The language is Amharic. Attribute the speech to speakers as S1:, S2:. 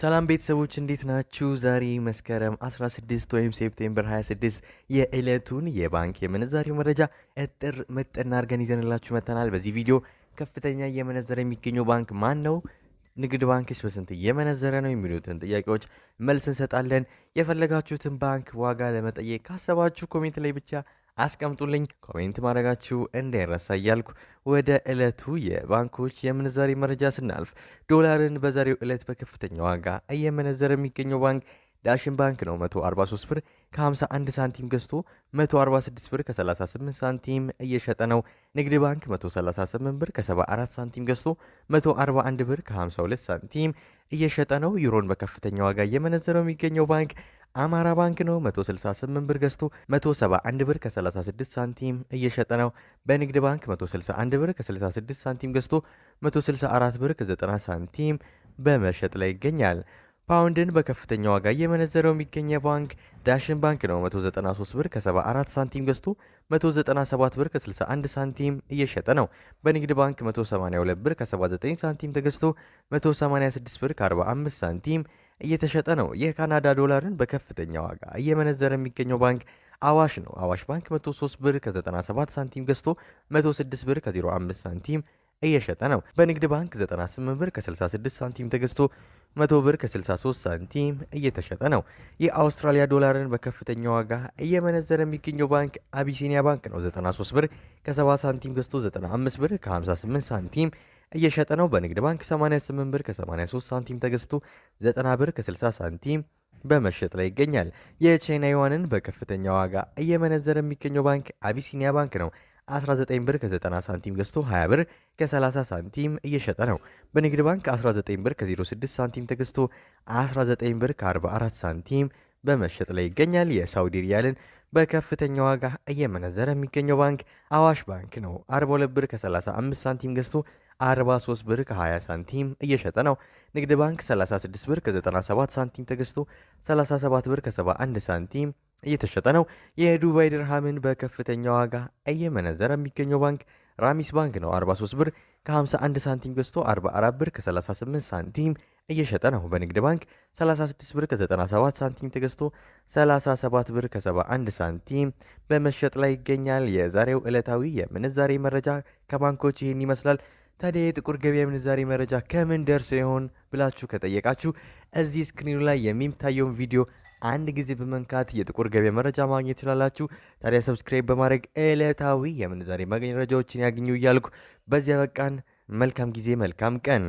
S1: ሰላም ቤተሰቦች እንዴት ናችሁ? ዛሬ መስከረም 16 ወይም ሴፕቴምበር 26 የዕለቱን የባንክ የምንዛሬው መረጃ እጥር ምጥን አድርገን ይዘንላችሁ መጥተናል። በዚህ ቪዲዮ ከፍተኛ እየመነዘረ የሚገኘው ባንክ ማን ነው? ንግድ ባንክስ በስንት እየመነዘረ ነው? የሚሉትን ጥያቄዎች መልስ እንሰጣለን። የፈለጋችሁትን ባንክ ዋጋ ለመጠየቅ ካሰባችሁ ኮሜንት ላይ ብቻ አስቀምጡልኝ። ኮሜንት ማድረጋችሁ እንዳይረሳ እያልኩ ወደ ዕለቱ የባንኮች የምንዛሪ መረጃ ስናልፍ ዶላርን በዛሬው ዕለት በከፍተኛ ዋጋ እየመነዘረ የሚገኘው ባንክ ዳሽን ባንክ ነው። 143 ብር ከ51 ሳንቲም ገዝቶ 146 ብር ከ38 ሳንቲም እየሸጠ ነው። ንግድ ባንክ 138 ብር ከ74 ሳንቲም ገዝቶ 141 ብር ከ52 ሳንቲም እየሸጠ ነው። ዩሮን በከፍተኛ ዋጋ እየመነዘረው የሚገኘው ባንክ አማራ ባንክ ነው 168 ብር ገዝቶ 171 ብር ከ36 ሳንቲም እየሸጠ ነው። በንግድ ባንክ 161 ብር ከ66 ሳንቲም ገዝቶ 164 ብር ከ90 ሳንቲም በመሸጥ ላይ ይገኛል። ፓውንድን በከፍተኛ ዋጋ እየመነዘረው የሚገኘ ባንክ ዳሽን ባንክ ነው 193 ብር ከ74 ሳንቲም ገዝቶ 197 ብር ከ61 ሳንቲም እየሸጠ ነው። በንግድ ባንክ 182 ብር ከ79 ሳንቲም ተገዝቶ 186 ብር ከ45 ሳንቲም እየተሸጠ ነው። የካናዳ ዶላርን በከፍተኛ ዋጋ እየመነዘረ የሚገኘው ባንክ አዋሽ ነው። አዋሽ ባንክ 103 ብር ከ97 ሳንቲም ገዝቶ 106 ብር ከ05 ሳንቲም እየሸጠ ነው። በንግድ ባንክ 98 ብር ከ66 ሳንቲም ተገዝቶ 100 ብር ከ63 ሳንቲም እየተሸጠ ነው። የአውስትራሊያ ዶላርን በከፍተኛ ዋጋ እየመነዘረ የሚገኘው ባንክ አቢሲኒያ ባንክ ነው። 93 ብር ከ70 ሳንቲም ገዝቶ 95 ብር ከ58 ሳንቲም እየሸጠ ነው። በንግድ ባንክ 88 ብር ከ83 ሳንቲም ተገዝቶ 90 ብር ከ60 ሳንቲም በመሸጥ ላይ ይገኛል። የቻይና ዩዋንን በከፍተኛ ዋጋ እየመነዘረ የሚገኘው ባንክ አቢሲኒያ ባንክ ነው። 19 ብር ከ90 ሳንቲም ገዝቶ 20 ብር ከ30 ሳንቲም እየሸጠ ነው። በንግድ ባንክ 19 ብር ከ06 ሳንቲም ተገዝቶ 19 ብር ከ44 ሳንቲም በመሸጥ ላይ ይገኛል። የሳውዲ ሪያልን በከፍተኛ ዋጋ እየመነዘረ የሚገኘው ባንክ አዋሽ ባንክ ነው። 42 ብር ከ35 ሳንቲም ገዝቶ 43 ብር ከ20 ሳንቲም እየሸጠ ነው። ንግድ ባንክ 36 ብር ከ97 ሳንቲም ተገዝቶ 37 ብር ከ71 ሳንቲም እየተሸጠ ነው። የዱባይ ድርሃምን በከፍተኛ ዋጋ እየመነዘረ የሚገኘው ባንክ ራሚስ ባንክ ነው 43 ብር ከ51 ሳንቲም ገዝቶ 44 ብር ከ38 ሳንቲም እየሸጠ ነው። በንግድ ባንክ 36 ብር ከ97 ሳንቲም ተገዝቶ 37 ብር ከ71 ሳንቲም በመሸጥ ላይ ይገኛል። የዛሬው ዕለታዊ የምንዛሬ መረጃ ከባንኮች ይህን ይመስላል። ታዲያ የጥቁር ገበያ የምንዛሬ መረጃ ከምን ደርሶ ይሆን ብላችሁ ከጠየቃችሁ እዚህ ስክሪኑ ላይ የሚታየውን ቪዲዮ አንድ ጊዜ በመንካት የጥቁር ገበያ መረጃ ማግኘት ይችላላችሁ። ታዲያ ሰብስክራይብ በማድረግ ዕለታዊ የምንዛሬ ማግኘት መረጃዎችን ያግኙ እያልኩ በዚያ በቃን። መልካም ጊዜ፣ መልካም ቀን